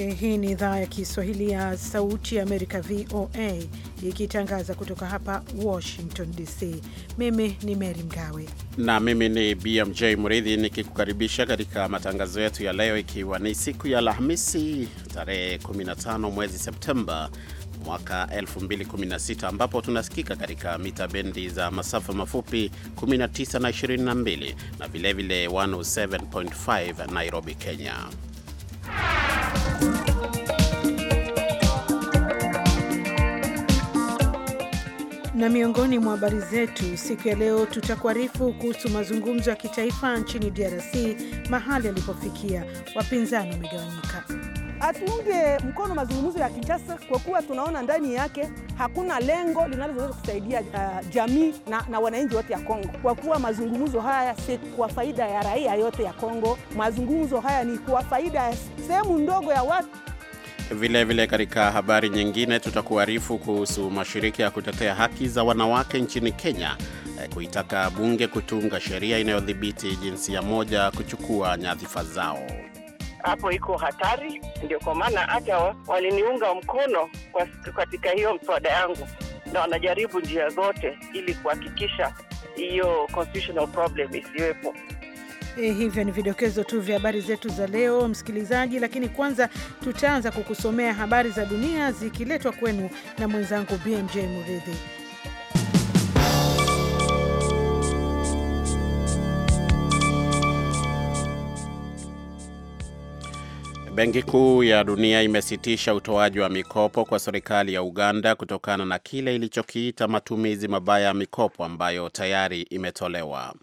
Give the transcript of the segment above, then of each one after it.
Eh, hii ni idhaa ya Kiswahili ya Sauti ya Amerika VOA ikitangaza kutoka hapa Washington DC. Mimi ni Mary Mgawe na mimi ni BMJ mridhi nikikukaribisha katika matangazo yetu ya leo, ikiwa ni siku ya Alhamisi tarehe 15 mwezi Septemba mwaka 2016 ambapo tunasikika katika mita bendi za masafa mafupi 19 na 22 na vilevile 107.5 Nairobi, Kenya. Na miongoni mwa habari zetu siku ya leo, tutakuarifu kuhusu mazungumzo ya kitaifa nchini DRC, mahali yalipofikia, wapinzani wamegawanyika. Hatuunge mkono mazungumzo ya Kinshasa kwa kuwa tunaona ndani yake hakuna lengo linaloweza kusaidia uh, jamii na, na wananchi wote ya Kongo, kwa kuwa mazungumzo haya si kwa faida ya raia yote ya Kongo. Mazungumzo haya ni kwa faida ya sehemu ndogo ya watu. Vilevile, katika habari nyingine, tutakuarifu kuhusu mashirika ya kutetea haki za wanawake nchini Kenya eh, kuitaka bunge kutunga sheria inayodhibiti jinsia moja kuchukua nyadhifa zao hapo iko hatari. Ndio kwa maana hata waliniunga mkono kwa katika hiyo mswada yangu, na wanajaribu njia zote ili kuhakikisha hiyo constitutional problem isiwepo. Eh, hivyo ni vidokezo tu vya habari zetu za leo msikilizaji, lakini kwanza tutaanza kukusomea habari za dunia zikiletwa kwenu na mwenzangu BMJ Muridhi. Benki Kuu ya Dunia imesitisha utoaji wa mikopo kwa serikali ya Uganda kutokana na kile ilichokiita matumizi mabaya ya mikopo ambayo tayari imetolewa.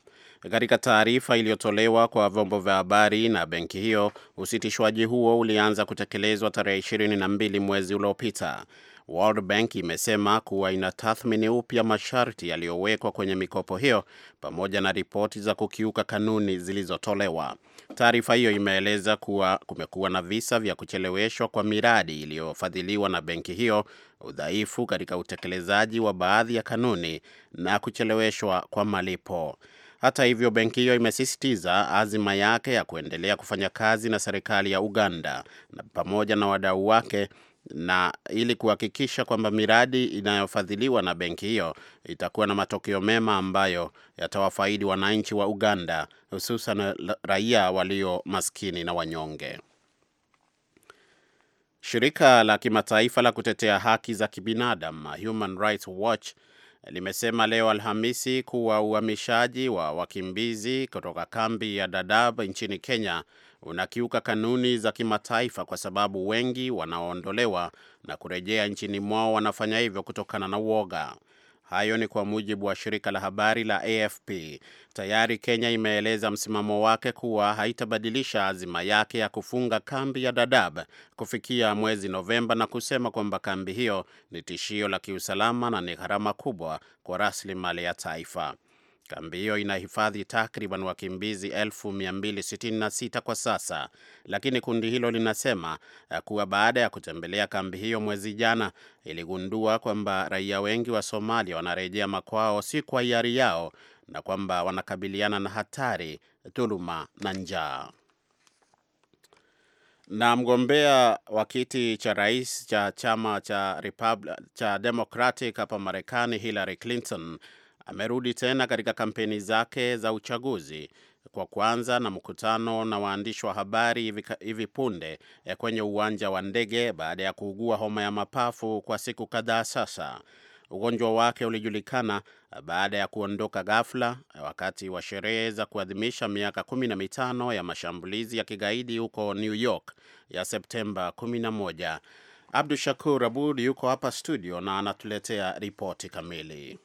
Katika taarifa iliyotolewa kwa vyombo vya habari na benki hiyo, usitishwaji huo ulianza kutekelezwa tarehe 22 mwezi uliopita. World Bank imesema kuwa inatathmini upya masharti yaliyowekwa kwenye mikopo hiyo pamoja na ripoti za kukiuka kanuni zilizotolewa. Taarifa hiyo imeeleza kuwa kumekuwa na visa vya kucheleweshwa kwa miradi iliyofadhiliwa na benki hiyo, udhaifu katika utekelezaji wa baadhi ya kanuni na kucheleweshwa kwa malipo. Hata hivyo, benki hiyo imesisitiza azima yake ya kuendelea kufanya kazi na serikali ya Uganda na pamoja na wadau wake na ili kuhakikisha kwamba miradi inayofadhiliwa na benki hiyo itakuwa na matokeo mema ambayo yatawafaidi wananchi wa Uganda, hususan raia walio maskini na wanyonge. Shirika la kimataifa la kutetea haki za kibinadamu Human Rights Watch limesema leo Alhamisi kuwa uhamishaji wa wakimbizi kutoka kambi ya Dadaab nchini Kenya unakiuka kanuni za kimataifa kwa sababu wengi wanaoondolewa na kurejea nchini mwao wanafanya hivyo kutokana na uoga. Hayo ni kwa mujibu wa shirika la habari la AFP. Tayari Kenya imeeleza msimamo wake kuwa haitabadilisha azima yake ya kufunga kambi ya Dadaab kufikia mwezi Novemba na kusema kwamba kambi hiyo ni tishio la kiusalama na ni gharama kubwa kwa rasilimali ya taifa. Kambi hiyo inahifadhi takriban wakimbizi 266 kwa sasa, lakini kundi hilo linasema eh, kuwa baada ya kutembelea kambi hiyo mwezi jana iligundua kwamba raia wengi wa Somalia wanarejea makwao si kwa hiari yao na kwamba wanakabiliana na hatari, dhuluma na njaa. Na mgombea wa kiti cha rais cha chama cha, Republic, cha Democratic hapa Marekani Hillary Clinton amerudi tena katika kampeni zake za uchaguzi kwa kwanza na mkutano na waandishi wa habari hivi punde eh, kwenye uwanja wa ndege baada ya kuugua homa ya mapafu kwa siku kadhaa sasa. Ugonjwa wake ulijulikana eh, baada ya kuondoka ghafla eh, wakati wa sherehe za kuadhimisha miaka kumi na mitano ya mashambulizi ya kigaidi huko New York ya Septemba 11. Abdu Shakur Abud yuko hapa studio na anatuletea ripoti kamili.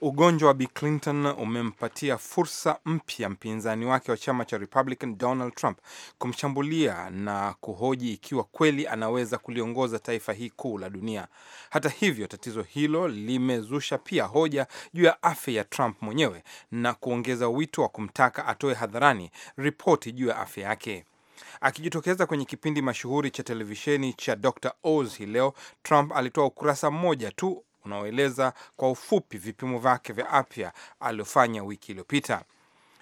Ugonjwa wa Bill Clinton umempatia fursa mpya mpinzani wake wa chama cha Republican Donald Trump kumshambulia na kuhoji ikiwa kweli anaweza kuliongoza taifa hii kuu la dunia. Hata hivyo, tatizo hilo limezusha pia hoja juu ya afya ya Trump mwenyewe na kuongeza wito wa kumtaka atoe hadharani ripoti juu ya afya yake. Akijitokeza kwenye kipindi mashuhuri cha televisheni cha Dr Oz hii leo, Trump alitoa ukurasa mmoja tu unaoeleza kwa ufupi vipimo vyake vya afya aliyofanya wiki iliyopita.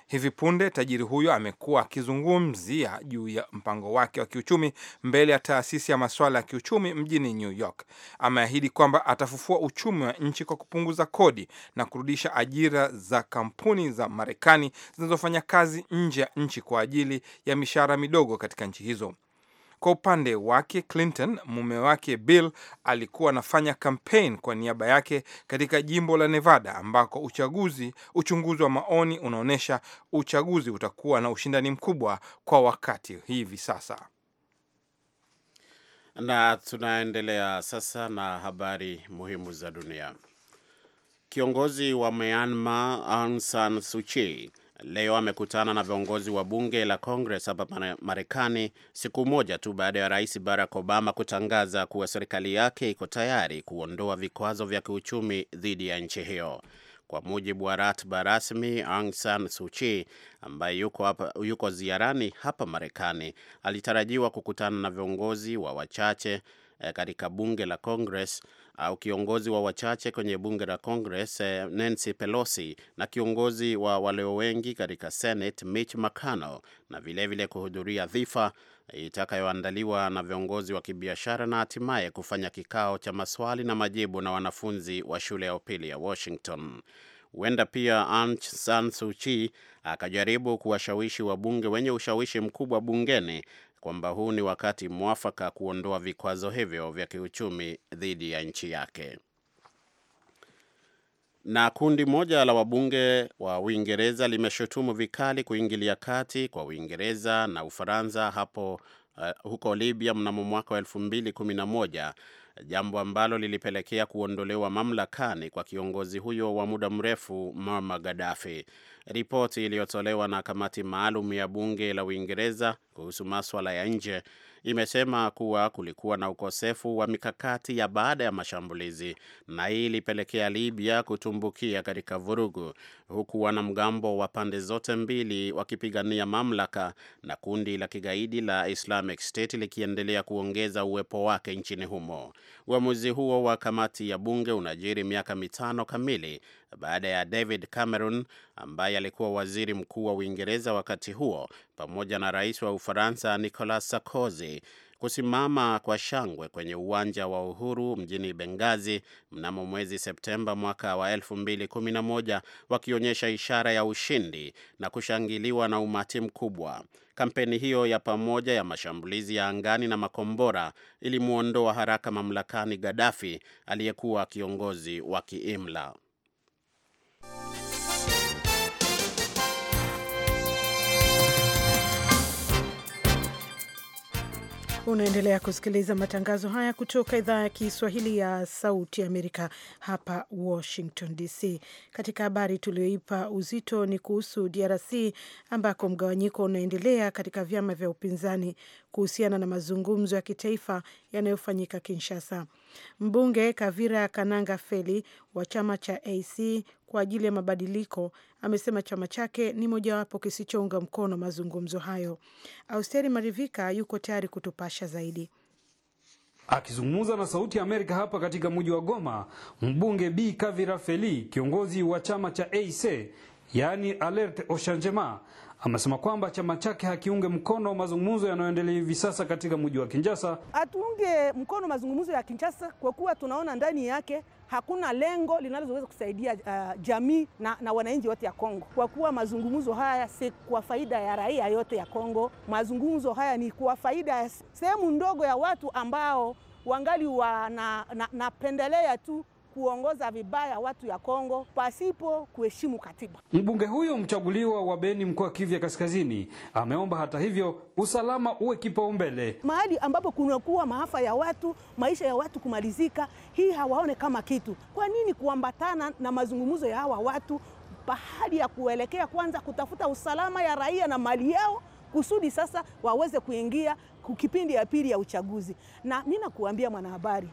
Hivi punde tajiri huyo amekuwa akizungumzia juu ya mpango wake wa kiuchumi mbele ya taasisi ya masuala ya kiuchumi mjini New York. Ameahidi kwamba atafufua uchumi wa nchi kwa kupunguza kodi na kurudisha ajira za kampuni za Marekani zinazofanya kazi nje ya nchi kwa ajili ya mishahara midogo katika nchi hizo. Kwa upande wake Clinton, mume wake Bill alikuwa anafanya kampeni kwa niaba yake katika jimbo la Nevada ambako uchaguzi, uchunguzi wa maoni unaonyesha uchaguzi utakuwa na ushindani mkubwa kwa wakati hivi sasa. Na tunaendelea sasa na habari muhimu za dunia. Kiongozi wa Myanmar Aung San Suu Kyi leo amekutana na viongozi wa bunge la Congress hapa Marekani, siku moja tu baada ya rais Barack Obama kutangaza kuwa serikali yake iko tayari kuondoa vikwazo vya kiuchumi dhidi ya nchi hiyo. Kwa mujibu wa ratiba rasmi, Aung San Suu Kyi ambaye yuko, hapa, yuko ziarani hapa Marekani alitarajiwa kukutana na viongozi wa wachache eh, katika bunge la Congress au kiongozi wa wachache kwenye bunge la Congress eh, Nancy Pelosi na kiongozi wa walio wengi katika Senate Mitch McConnell na vilevile kuhudhuria dhifa itakayoandaliwa na viongozi wa kibiashara na hatimaye kufanya kikao cha maswali na majibu na wanafunzi wa shule ya upili ya Washington. Huenda pia Aung San Suu Kyi akajaribu kuwashawishi wabunge wenye ushawishi mkubwa bungeni kwamba huu ni wakati mwafaka kuondoa vikwazo hivyo vya kiuchumi dhidi ya nchi yake. Na kundi moja la wabunge wa Uingereza limeshutumu vikali kuingilia kati kwa Uingereza na Ufaransa hapo uh, huko Libya mnamo mwaka wa elfu mbili kumi na moja jambo ambalo lilipelekea kuondolewa mamlakani kwa kiongozi huyo wa muda mrefu Muammar Gaddafi. Ripoti iliyotolewa na kamati maalum ya bunge la Uingereza kuhusu maswala ya nje imesema kuwa kulikuwa na ukosefu wa mikakati ya baada ya mashambulizi na hii ilipelekea Libya kutumbukia katika vurugu, huku wanamgambo wa pande zote mbili wakipigania mamlaka na kundi la kigaidi la Islamic State likiendelea kuongeza uwepo wake nchini humo. Uamuzi huo wa kamati ya bunge unajiri miaka mitano kamili baada ya David Cameron ambaye alikuwa waziri mkuu wa Uingereza wakati huo pamoja na rais wa Ufaransa Nicolas Sarkozy kusimama kwa shangwe kwenye uwanja wa Uhuru mjini Bengazi mnamo mwezi Septemba mwaka wa 2011 wakionyesha ishara ya ushindi na kushangiliwa na umati mkubwa. Kampeni hiyo ya pamoja ya mashambulizi ya angani na makombora ilimwondoa haraka mamlakani Gaddafi aliyekuwa kiongozi wa kiimla. Unaendelea kusikiliza matangazo haya kutoka idhaa ya Kiswahili ya Sauti Amerika hapa Washington DC. Katika habari tulioipa uzito ni kuhusu DRC ambako mgawanyiko unaendelea katika vyama vya upinzani kuhusiana na mazungumzo ya kitaifa yanayofanyika Kinshasa. Mbunge Kavira Kananga Feli wa chama cha AC kwa ajili ya mabadiliko amesema chama chake ni mojawapo kisichounga mkono mazungumzo hayo. Austeri Marivika yuko tayari kutupasha zaidi. Akizungumza na Sauti ya Amerika hapa katika mji wa Goma, mbunge B Kavira Feli, kiongozi wa chama cha AC yaani Alerte Oshangema, amesema kwamba chama chake hakiunge mkono mazungumzo yanayoendelea hivi sasa katika mji wa Kinshasa. Hatuunge mkono mazungumzo ya Kinshasa kwa kuwa tunaona ndani yake hakuna lengo linaloweza kusaidia uh, jamii na, na wananchi wote ya Kongo, kwa kuwa mazungumzo haya si kwa faida ya raia yote ya Kongo. Mazungumzo haya ni kwa faida ya sehemu ndogo ya watu ambao wangali wanapendelea na, na tu kuongoza vibaya watu ya Kongo pasipo kuheshimu katiba. Mbunge huyo mchaguliwa wa Beni mkoa wa Kivu ya Kaskazini ameomba hata hivyo usalama uwe kipaumbele mahali ambapo kunakuwa maafa ya watu, maisha ya watu kumalizika, hii hawaone kama kitu. Kwa nini kuambatana na mazungumzo ya hawa watu pahali ya kuelekea kwanza kutafuta usalama ya raia na mali yao kusudi sasa waweze kuingia kipindi ya pili ya uchaguzi. Na mimi nakuambia mwanahabari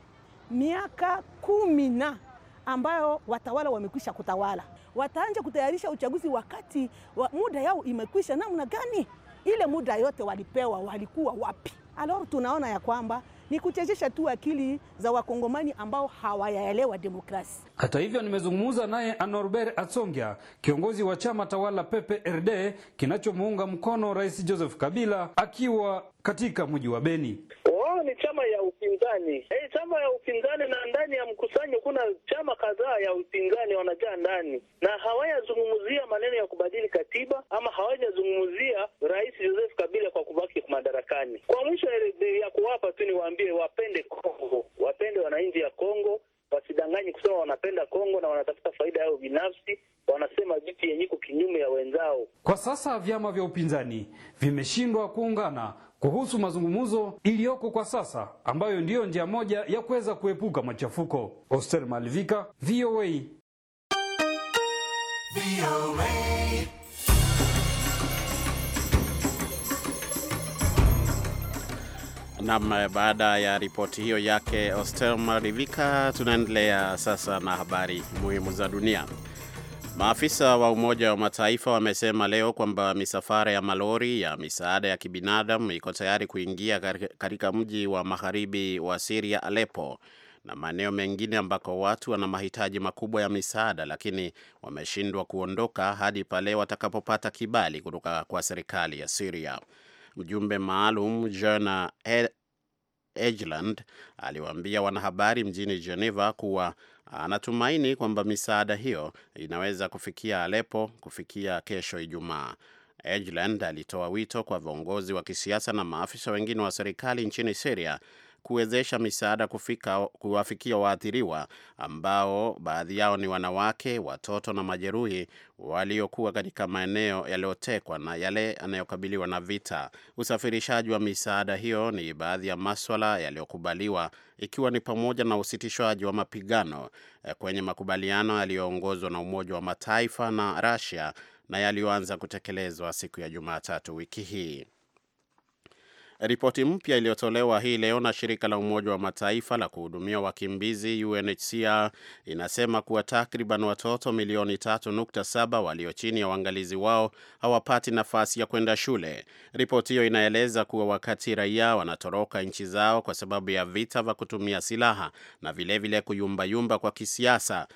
miaka kumi na ambayo watawala wamekwisha kutawala, wataanja kutayarisha uchaguzi wakati wa muda yao imekwisha. Namna gani? Ile muda yote walipewa, walikuwa wapi? Alors tunaona ya kwamba ni kuchezesha tu akili za wakongomani ambao hawayaelewa demokrasi. Hata hivyo, nimezungumza naye Anorbert Atsongia, kiongozi wa chama tawala PPRD kinachomuunga mkono Rais Joseph Kabila, akiwa katika mji wa Beni ni chama ya upinzani. Hey, eh, chama ya upinzani na ndani ya mkusanyo kuna chama kadhaa ya upinzani wanajaa ndani na hawayazungumzia maneno ya kubadili katiba ama hawajazungumzia Rais Joseph Kabila kwa kubaki madarakani. Kwa mwisho eh, ya kuwapa tu niwaambie, wapende Kongo, wapende wananchi ya Kongo, wasidanganyi kusema wanapenda Kongo na wanatafuta faida yao binafsi, wanasema vitu yenye kinyume ya wenzao. Kwa sasa vyama vya upinzani vimeshindwa kuungana kuhusu mazungumzo iliyoko kwa sasa ambayo ndiyo njia moja ya kuweza kuepuka machafuko. Oster Malivika, VOA. Nam, eh, baada ya ripoti hiyo yake Oster Malivika, tunaendelea sasa na habari muhimu za dunia. Maafisa wa Umoja wa Mataifa wamesema leo kwamba misafara ya malori ya misaada ya kibinadamu iko tayari kuingia katika mji wa magharibi wa Siria, Aleppo na maeneo mengine ambako watu wana mahitaji makubwa ya misaada, lakini wameshindwa kuondoka hadi pale watakapopata kibali kutoka kwa serikali ya Siria. Mjumbe maalum Jona Egeland aliwaambia wanahabari mjini Geneva kuwa anatumaini kwamba misaada hiyo inaweza kufikia alepo kufikia kesho Ijumaa. Egeland alitoa wito kwa viongozi wa kisiasa na maafisa wengine wa serikali nchini siria kuwezesha misaada kufika kuwafikia waathiriwa ambao baadhi yao ni wanawake, watoto na majeruhi waliokuwa katika maeneo yaliyotekwa na yale yanayokabiliwa na vita. Usafirishaji wa misaada hiyo ni baadhi ya maswala yaliyokubaliwa ikiwa ni pamoja na usitishwaji wa mapigano eh, kwenye makubaliano yaliyoongozwa na Umoja wa Mataifa na Russia na yaliyoanza kutekelezwa siku ya Jumatatu wiki hii. Ripoti mpya iliyotolewa hii leo na shirika la Umoja wa Mataifa la kuhudumia wakimbizi UNHCR inasema kuwa takriban watoto milioni 3.7 walio chini ya uangalizi wao hawapati nafasi ya kwenda shule. Ripoti hiyo inaeleza kuwa wakati raia wanatoroka nchi zao kwa sababu ya vita vya kutumia silaha na vilevile kuyumbayumba kwa kisiasa,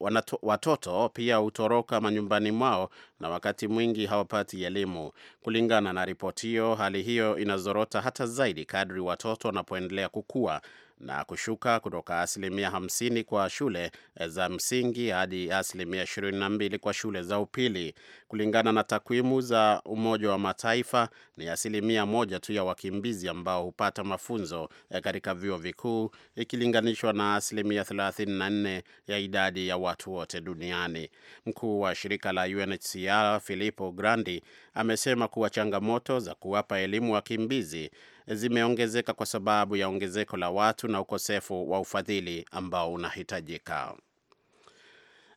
wanato, watoto pia hutoroka manyumbani mwao na wakati mwingi hawapati elimu. Kulingana na ripoti hiyo, hali hiyo inazoro kuota hata zaidi kadri watoto wanapoendelea kukua na kushuka kutoka asilimia 50 kwa shule eh, za msingi hadi asilimia 22 kwa shule za upili. Kulingana na takwimu za Umoja wa Mataifa, ni asilimia moja tu ya wakimbizi ambao hupata mafunzo eh, katika vyuo vikuu ikilinganishwa na asilimia 34 ya idadi ya watu wote duniani. Mkuu wa shirika la UNHCR Filippo Grandi amesema kuwa changamoto za kuwapa elimu wakimbizi zimeongezeka kwa sababu ya ongezeko la watu na ukosefu wa ufadhili ambao unahitajika.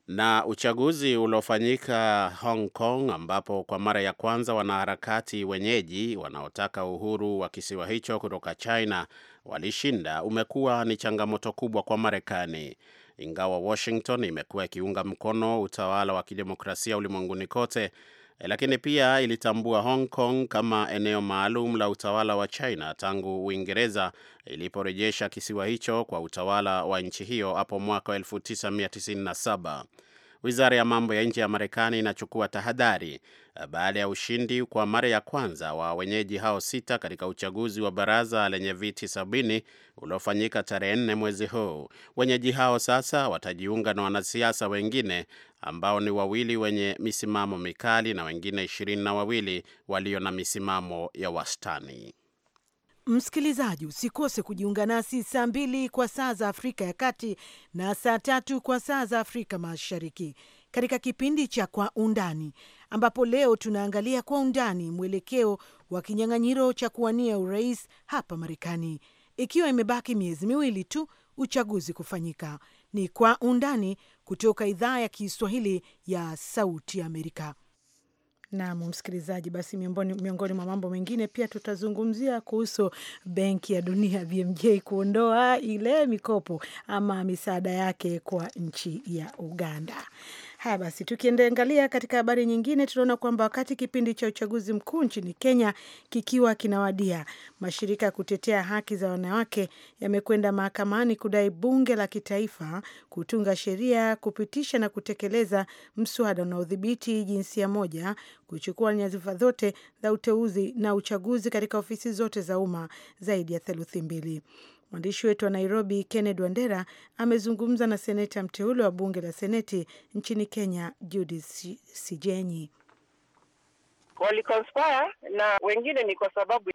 Na uchaguzi uliofanyika Hong Kong ambapo kwa mara ya kwanza wanaharakati wenyeji wanaotaka uhuru wa kisiwa hicho kutoka China walishinda umekuwa ni changamoto kubwa kwa Marekani. Ingawa Washington imekuwa ikiunga mkono utawala wa kidemokrasia ulimwenguni kote, lakini pia ilitambua Hong Kong kama eneo maalum la utawala wa China tangu Uingereza iliporejesha kisiwa hicho kwa utawala wa nchi hiyo hapo mwaka 1997. Wizara ya mambo ya nje ya Marekani inachukua tahadhari eh, baada ya ushindi kwa mara ya kwanza wa wenyeji hao sita katika uchaguzi wa baraza lenye viti sabini uliofanyika tarehe nne mwezi huu. Wenyeji hao sasa watajiunga na wanasiasa wengine ambao ni wawili wenye misimamo mikali na wengine ishirini na wawili walio na misimamo ya wastani. Msikilizaji, usikose kujiunga nasi saa mbili kwa saa za Afrika ya Kati na saa tatu kwa saa za Afrika Mashariki katika kipindi cha Kwa Undani, ambapo leo tunaangalia kwa undani mwelekeo wa kinyang'anyiro cha kuwania urais hapa Marekani, ikiwa imebaki miezi miwili tu uchaguzi kufanyika ni Kwa Undani kutoka idhaa ya Kiswahili ya Sauti Amerika. Nam msikilizaji, basi miongoni, miongoni mwa mambo mengine pia tutazungumzia kuhusu Benki ya Dunia BMJ kuondoa ile mikopo ama misaada yake kwa nchi ya Uganda. Haya basi, tukiendeangalia katika habari nyingine, tunaona kwamba wakati kipindi cha uchaguzi mkuu nchini Kenya kikiwa kinawadia, mashirika ya kutetea haki za wanawake yamekwenda mahakamani kudai bunge la kitaifa kutunga sheria kupitisha na kutekeleza mswada unaodhibiti jinsia moja kuchukua nyadhifa zote za uteuzi na uchaguzi katika ofisi zote za umma zaidi ya theluthi mbili. Mwandishi wetu wa Nairobi, Kenneth Wandera, amezungumza na seneta mteule wa bunge la seneti nchini Kenya, Judith Sijenyi. Walikonspire na wengine ni kwa sababu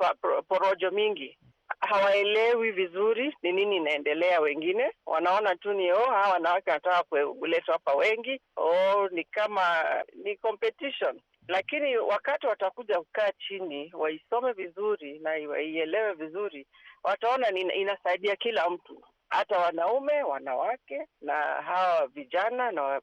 porojo mingi hawaelewi vizuri ni nini inaendelea. Wengine wanaona tu ni oh, hawa wanawake wanataka kuletwa hapa wengi, oh, ni kama ni competition lakini wakati watakuja kukaa chini waisome vizuri na waielewe vizuri, wataona inasaidia kila mtu, hata wanaume, wanawake na hawa vijana na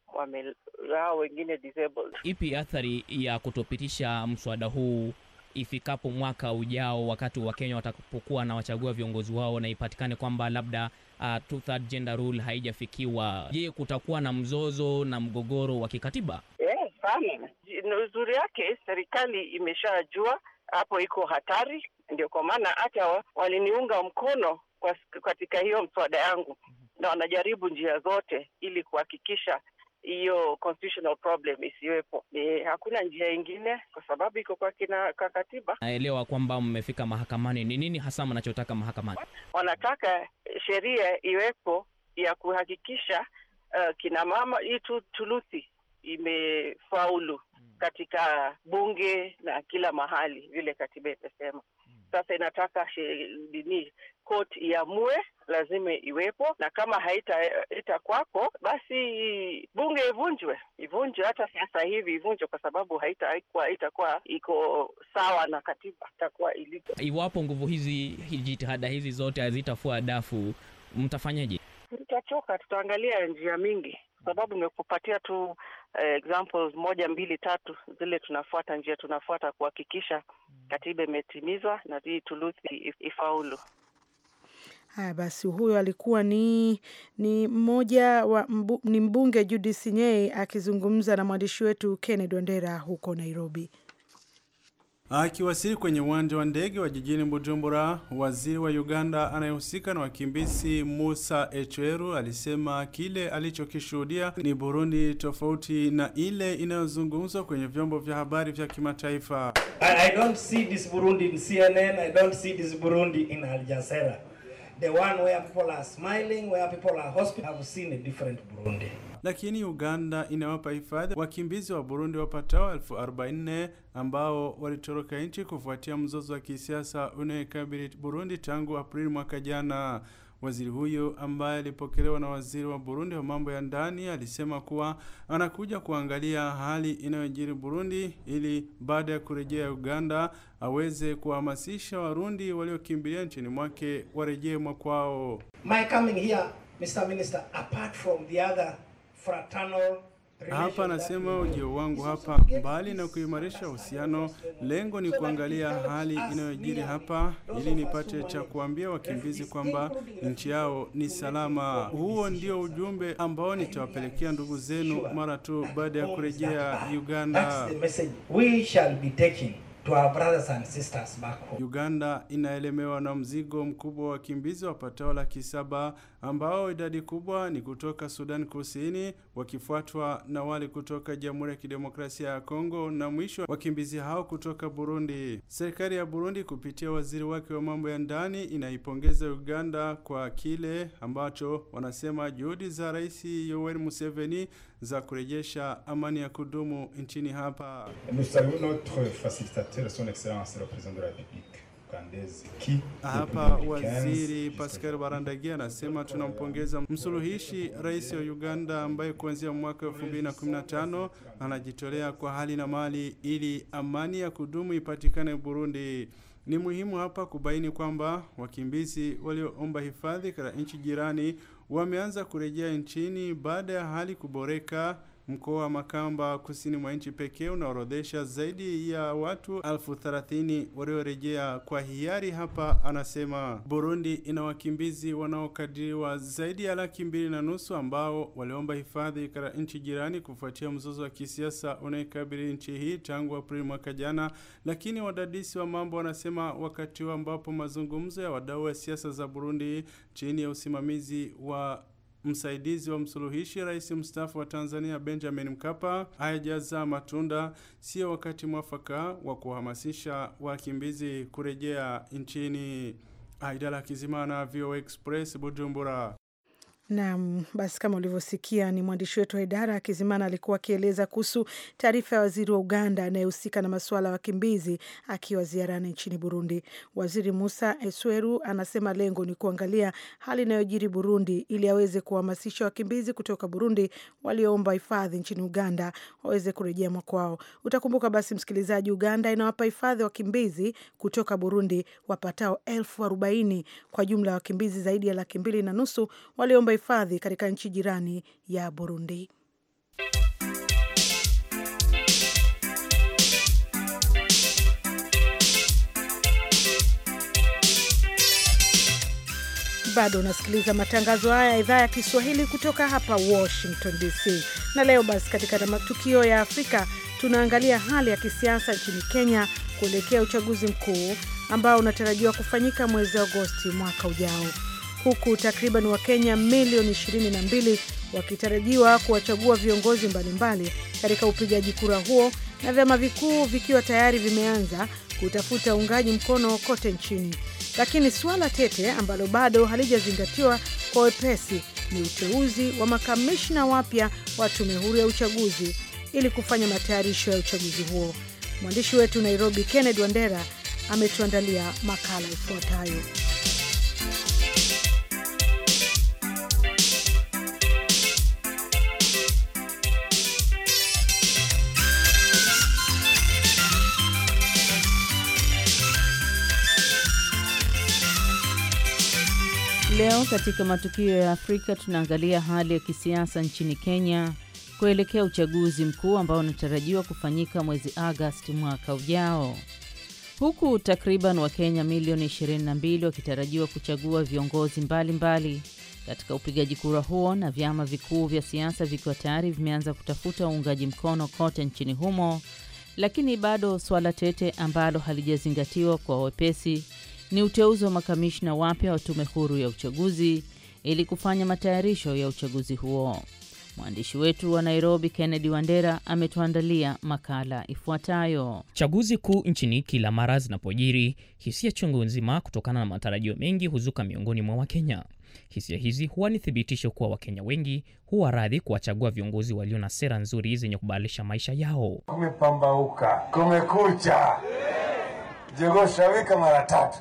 hawa wengine disabled. Ipi athari ya kutopitisha mswada huu ifikapo mwaka ujao, wakati Wakenya watakapokuwa na wachagua viongozi wao na ipatikane kwamba labda uh, gender rule haijafikiwa? Je, kutakuwa na mzozo na mgogoro wa kikatiba? Yeah, uzuri yake serikali imeshajua hapo iko hatari, ndio kwa maana hata waliniunga mkono kwa, katika hiyo mswada yangu na wanajaribu njia zote ili kuhakikisha hiyo constitutional problem isiwepo. E, hakuna njia ingine kwa sababu iko kwa kina kwa katiba. Naelewa kwamba mmefika mahakamani, ni nini hasa mnachotaka mahakamani? Wanataka sheria iwepo ya kuhakikisha uh, kina mama tuluthi imefaulu katika bunge na kila mahali vile katiba imesema. Hmm. Sasa inataka dini koti iamue, lazima iwepo, na kama haita kwako basi bunge ivunjwe, ivunjwe hata sasa hivi ivunjwe, kwa sababu haitakuwa haitakuwa iko sawa na katiba itakuwa ilipo. Iwapo nguvu hizi, jitihada hizi zote hazitafua dafu, mtafanyaje? Tutachoka, tutaangalia njia mingi kwa sababu imekupatia tu eh, examples moja mbili tatu zile tunafuata njia tunafuata kuhakikisha mm. katiba imetimizwa na hii tuluthi ifaulu. Haya basi, huyo alikuwa ni ni mmoja wa mbu, ni mbunge Judith Nyei akizungumza na mwandishi wetu Kennedy wandera huko Nairobi. Akiwasili kwenye uwanja wa ndege wa jijini Bujumbura, waziri wa Uganda anayehusika na wakimbizi Musa Echweru alisema kile alichokishuhudia ni Burundi tofauti na ile inayozungumzwa kwenye vyombo vya habari vya kimataifa. I, I don't see this Burundi in CNN, I don't see this Burundi in Al Jazeera the one where people are smiling, where people are hospital have seen a different Burundi. Lakini Uganda inawapa hifadhi wakimbizi wa Burundi wapatao elfu arobaini ambao walitoroka nchi kufuatia mzozo wa kisiasa unaoikabili Burundi tangu Aprili mwaka jana. Waziri huyo ambaye alipokelewa na waziri wa Burundi wa mambo ya ndani alisema kuwa anakuja kuangalia hali inayojiri Burundi ili baada ya kurejea Uganda aweze kuhamasisha Warundi waliokimbilia nchini mwake warejee mwakwao. My coming here Mr. Minister apart from the other fraternal hapa anasema ujio wangu hapa, mbali na kuimarisha uhusiano, lengo ni kuangalia hali inayojiri hapa, ili nipate cha kuambia wakimbizi kwamba nchi yao ni salama. Huo ndio ujumbe ambao nitawapelekea ndugu zenu mara tu baada ya kurejea Uganda. To our brothers and sisters back home. Uganda inaelemewa na mzigo mkubwa wa wakimbizi wapatao laki saba ambao idadi kubwa ni kutoka Sudan Kusini, wakifuatwa na wale kutoka Jamhuri ya Kidemokrasia ya Kongo na mwisho wakimbizi hao kutoka Burundi. Serikali ya Burundi kupitia waziri wake wa mambo ya ndani inaipongeza Uganda kwa kile ambacho wanasema juhudi za Rais Yoweri Museveni za kurejesha amani ya kudumu nchini hapa. Nous saluons notre facilitateur son excellence le président de la République hapa waziri Pascal Barandagi anasema tunampongeza msuluhishi rais wa Uganda ambaye kuanzia mwaka 2015 anajitolea kwa hali na mali ili amani ya kudumu ipatikane Burundi. Ni muhimu hapa kubaini kwamba wakimbizi walioomba hifadhi katika nchi jirani wameanza kurejea nchini baada ya hali kuboreka Mkoa wa Makamba kusini mwa nchi pekee unaorodhesha zaidi ya watu elfu thelathini waliorejea kwa hiari hapa, anasema Burundi ina wakimbizi wanaokadiriwa zaidi ya laki mbili na nusu ambao waliomba hifadhi katika nchi jirani kufuatia mzozo wa kisiasa unaikabili nchi hii tangu Aprili mwaka jana, lakini wadadisi wa mambo wanasema wakati ambapo mazungumzo ya wadau wa siasa za Burundi chini ya usimamizi wa msaidizi wa msuluhishi rais mstaafu wa Tanzania Benjamin Mkapa hayajazaa matunda, sio wakati mwafaka wa kuhamasisha wakimbizi kurejea nchini. Aidala Kizimana, VOA Express, Bujumbura. Naam, basi kama ulivyosikia ni mwandishi wetu wa idara ya Kizimana alikuwa akieleza kuhusu taarifa ya waziri wa Uganda anayehusika na masuala ya wakimbizi akiwa ziarani nchini Burundi. Waziri Musa Esweru anasema lengo ni kuangalia hali inayojiri Burundi ili aweze kuhamasisha wakimbizi kutoka Burundi walioomba hifadhi nchini Uganda waweze kurejea makwao. Utakumbuka basi, msikilizaji, Uganda inawapa hifadhi wakimbizi kutoka Burundi wapatao elfu arobaini kwa jumla ya wakimbizi zaidi ya laki mbili na nusu walioomba hifadhi katika nchi jirani ya Burundi. Bado unasikiliza matangazo haya ya idhaa ya Kiswahili kutoka hapa Washington DC. Na leo basi, katika matukio ya Afrika tunaangalia hali ya kisiasa nchini Kenya kuelekea uchaguzi mkuu ambao unatarajiwa kufanyika mwezi Agosti mwaka ujao huku takriban Wakenya milioni 22 wakitarajiwa kuwachagua viongozi mbalimbali katika upigaji kura huo, na vyama vikuu vikiwa tayari vimeanza kutafuta uungaji mkono kote nchini. Lakini suala tete ambalo bado halijazingatiwa kwa wepesi ni uteuzi wa makamishna wapya wa tume huru ya uchaguzi ili kufanya matayarisho ya uchaguzi huo. Mwandishi wetu Nairobi, kenned Wandera, ametuandalia makala ifuatayo. leo katika matukio ya Afrika tunaangalia hali ya kisiasa nchini Kenya kuelekea uchaguzi mkuu ambao unatarajiwa kufanyika mwezi Agosti mwaka ujao, huku takriban Wakenya milioni 22 wakitarajiwa kuchagua viongozi mbalimbali mbali katika upigaji kura huo, na vyama vikuu vya siasa vikiwa tayari vimeanza kutafuta uungaji mkono kote nchini humo, lakini bado swala tete ambalo halijazingatiwa kwa wepesi ni uteuzi wa makamishna wapya wa tume huru ya uchaguzi ili kufanya matayarisho ya uchaguzi huo. Mwandishi wetu wa Nairobi, Kennedy Wandera, ametuandalia makala ifuatayo. Chaguzi kuu nchini kila mara zinapojiri, hisia chungu nzima kutokana na matarajio mengi huzuka miongoni mwa Wakenya. Hisia hizi huwa ni thibitisho kuwa Wakenya wengi huwa radhi kuwachagua viongozi walio na sera nzuri zenye kubadilisha maisha yao. Kumepambauka, kumekucha shawika mara tatu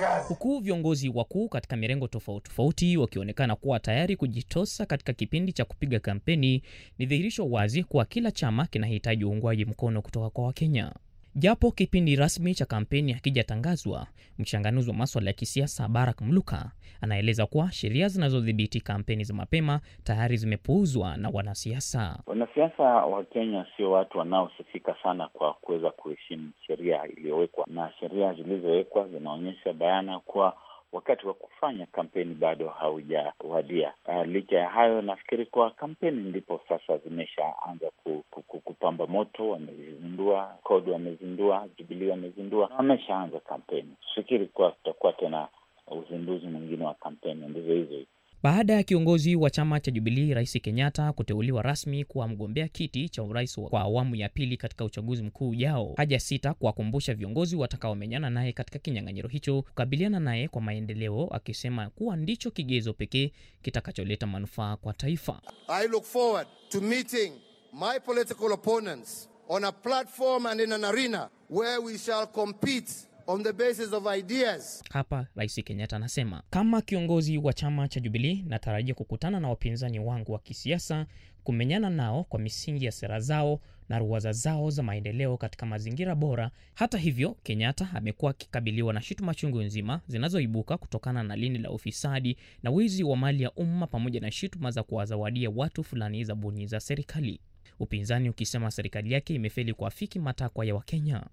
kazi. Huku viongozi wakuu katika mirengo tofauti tofauti wakionekana kuwa tayari kujitosa katika kipindi cha kupiga kampeni, ni dhihirisho wazi kuwa kila chama kinahitaji uungwaji mkono kutoka kwa Wakenya. Japo kipindi rasmi cha kampeni hakijatangazwa, mchanganuzi wa maswala ya kisiasa Barak Mluka anaeleza kuwa sheria zinazodhibiti kampeni za mapema tayari zimepuuzwa na wanasiasa. Wanasiasa wa Kenya sio watu wanaosifika sana kwa kuweza kuheshimu sheria iliyowekwa, na sheria zilizowekwa zinaonyesha bayana kuwa wakati wa kufanya kampeni bado haujawadia. Uh, licha ya hayo, nafikiri kuwa kampeni ndipo sasa zimeshaanza ku, ku, ku, kupamba moto. Wamezindua CORD, wamezindua Jubilee, wamezindua, wameshaanza kampeni. Fikiri kuwa tutakuwa tena uzinduzi mwingine wa kampeni ndizo hizo. Baada ya kiongozi wa chama cha Jubilii Rais Kenyatta kuteuliwa rasmi kuwa mgombea kiti cha urais kwa awamu ya pili katika uchaguzi mkuu ujao, haja sita kuwakumbusha viongozi watakaomenyana naye katika kinyang'anyiro hicho kukabiliana naye kwa maendeleo, akisema kuwa ndicho kigezo pekee kitakacholeta manufaa kwa taifa. I look forward to meeting my political opponents on a platform and in an arena where we shall compete on the basis of ideas. Hapa Rais Kenyatta anasema kama kiongozi wa chama cha Jubilee natarajia kukutana na wapinzani wangu wa kisiasa, kumenyana nao kwa misingi ya sera zao na ruwaza zao za maendeleo katika mazingira bora. Hata hivyo, Kenyatta amekuwa akikabiliwa na shutuma chungu nzima zinazoibuka kutokana na lindi la ufisadi na wizi wa mali ya umma pamoja na shutuma za kuwazawadia watu fulani zabuni za serikali, upinzani ukisema serikali yake imefeli kuafiki matakwa ya Wakenya.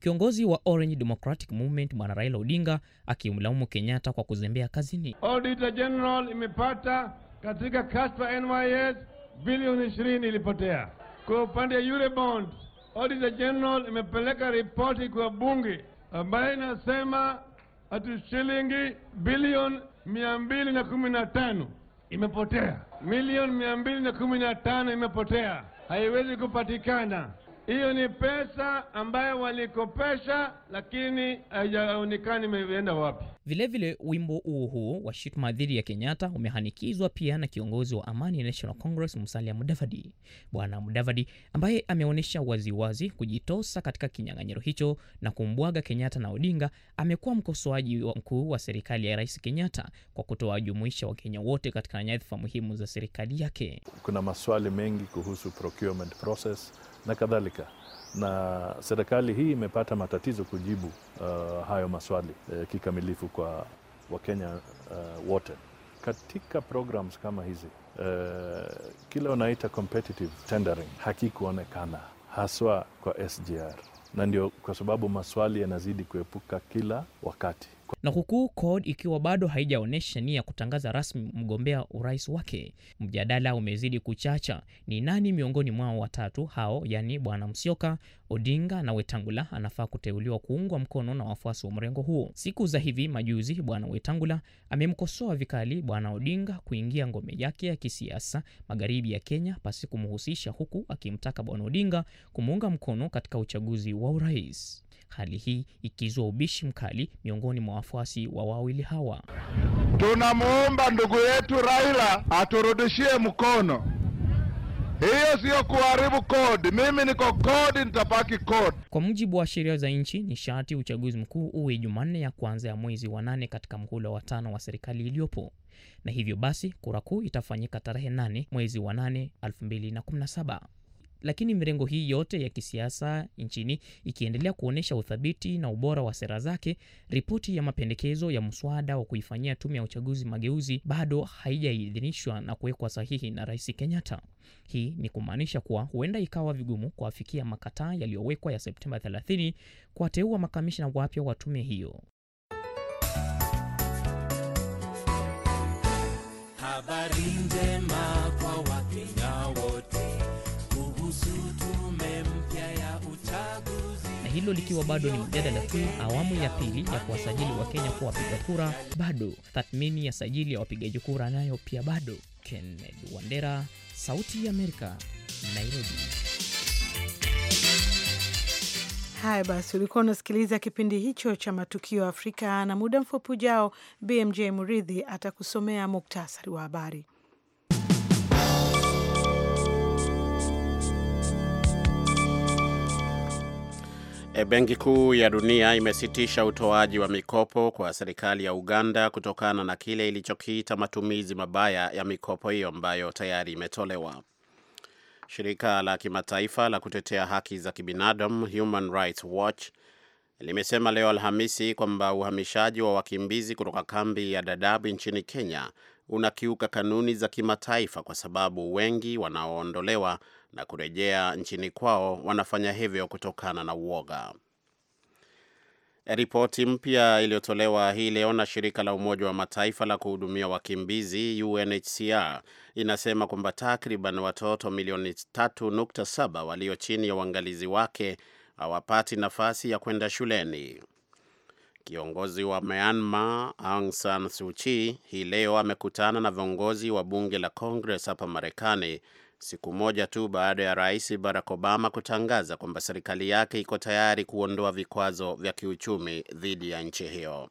Kiongozi wa Orange Democratic Movement Bwana Raila Odinga akimlaumu Kenyatta kwa kuzembea kazini. Auditor General imepata katika Kaspa NYS bilioni ishirini ilipotea. Kwa upande ya bond, Auditor General imepeleka ripoti kwa bunge ambayo inasema ati shilingi bilioni tano imepotea, milioni tano imepotea, haiwezi kupatikana. Hiyo ni pesa ambayo walikopesha, lakini haijaonekani imeenda wapi. Vilevile, wimbo huo huo wa shutuma dhidi ya Kenyatta umehanikizwa pia na kiongozi wa Amani National Congress Musalia Mudavadi, Bwana Mudavadi ambaye ameonyesha waziwazi kujitosa katika kinyang'anyiro hicho na kumbwaga Kenyatta na Odinga. Amekuwa mkosoaji mkuu wa serikali ya Rais Kenyatta kwa kutowajumuisha Wakenya wote katika nyadhifa muhimu za serikali yake. Kuna maswali mengi kuhusu procurement process na kadhalika na serikali hii imepata matatizo kujibu uh, hayo maswali uh, kikamilifu kwa Wakenya uh, wote katika programs kama hizi uh, kile wanaita competitive tendering hakikuonekana haswa kwa SGR, na ndio kwa sababu maswali yanazidi kuepuka kila wakati na huku CORD ikiwa bado haijaonyesha nia ya kutangaza rasmi mgombea urais wake, mjadala umezidi kuchacha ni nani miongoni mwao watatu hao, yaani Bwana msioka Odinga na Wetangula anafaa kuteuliwa kuungwa mkono na wafuasi wa mrengo huo. Siku za hivi majuzi, Bwana Wetangula amemkosoa vikali Bwana Odinga kuingia ngome yake ya kisiasa magharibi ya Kenya pasi kumhusisha, huku akimtaka Bwana Odinga kumuunga mkono katika uchaguzi wa urais hali hii ikizua ubishi mkali miongoni mwa wafuasi wa wawili hawa. Tunamwomba ndugu yetu Raila aturudishie mkono. Hiyo siyo kuharibu kodi. Mimi niko kodi, nitabaki kodi. Kwa mujibu wa sheria za nchi, ni sharti uchaguzi mkuu uwe Jumanne ya kwanza ya mwezi wa nane katika mhula wa tano wa serikali iliyopo, na hivyo basi kura kuu itafanyika tarehe nane mwezi wa nane elfu mbili na kumi na saba lakini mirengo hii yote ya kisiasa nchini ikiendelea kuonyesha uthabiti na ubora wa sera zake, ripoti ya mapendekezo ya mswada wa kuifanyia tume ya uchaguzi mageuzi bado haijaidhinishwa na kuwekwa sahihi na Rais Kenyatta. Hii ni kumaanisha kuwa huenda ikawa vigumu kuafikia makataa yaliyowekwa ya Septemba 30 kuwateua makamishna wapya wa tume hiyo. Habari njema. hilo likiwa bado ni mjadala tu, awamu ya pili ya kuwasajili Wakenya kuwa wapiga kura bado, tathmini ya sajili ya wapigaji kura nayo pia bado. Kennedy Wandera, Sauti ya Amerika, Nairobi. Haya basi, ulikuwa unasikiliza kipindi hicho cha matukio ya Afrika, na muda mfupi ujao BMJ Muridhi atakusomea muktasari wa habari. E, Benki Kuu ya Dunia imesitisha utoaji wa mikopo kwa serikali ya Uganda kutokana na kile ilichokiita matumizi mabaya ya mikopo hiyo ambayo tayari imetolewa. Shirika la kimataifa la kutetea haki za kibinadamu Human Rights Watch limesema leo Alhamisi kwamba uhamishaji wa wakimbizi kutoka kambi ya Dadaab nchini Kenya unakiuka kanuni za kimataifa kwa sababu wengi wanaoondolewa na kurejea nchini kwao wanafanya hivyo kutokana na uoga. Ripoti mpya iliyotolewa hii leo na shirika la Umoja wa Mataifa la kuhudumia wakimbizi UNHCR inasema kwamba takriban watoto milioni 3.7 walio chini ya uangalizi wake hawapati nafasi ya kwenda shuleni. Kiongozi wa Myanmar Aung San Suu Kyi hii leo amekutana na viongozi wa bunge la Congress hapa Marekani siku moja tu baada ya Rais Barack Obama kutangaza kwamba serikali yake iko tayari kuondoa vikwazo vya kiuchumi dhidi ya nchi hiyo.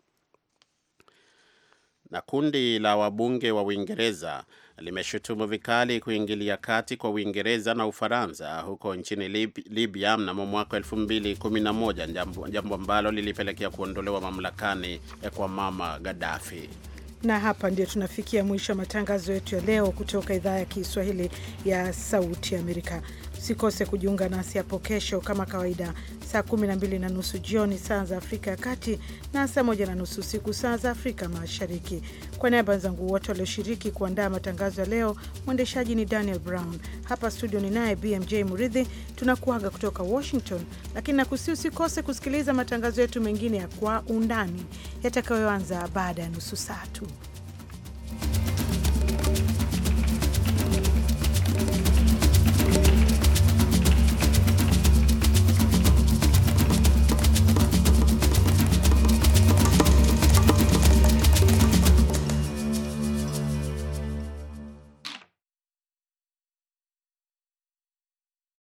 Na kundi la wabunge wa Uingereza limeshutumu vikali kuingilia kati kwa Uingereza na Ufaransa huko nchini Lib Libya mnamo mwaka 2011 jambo, jambo ambalo lilipelekea kuondolewa mamlakani eh, kwa Mama Gaddafi na hapa ndio tunafikia mwisho wa matangazo yetu ya leo kutoka idhaa ya Kiswahili ya Sauti Amerika. Usikose kujiunga nasi hapo kesho kama kawaida, saa 12 na nusu jioni saa za Afrika ya Kati na saa 1 na nusu usiku saa za Afrika Mashariki. Kwa niaba wenzangu wote walioshiriki kuandaa matangazo ya leo, mwendeshaji ni Daniel Brown, hapa studio ni naye BMJ Muridhi. Tunakuaga kutoka Washington, lakini nakusi usikose kusikiliza matangazo yetu mengine ya Kwa Undani yatakayoanza baada ya nusu saa tu.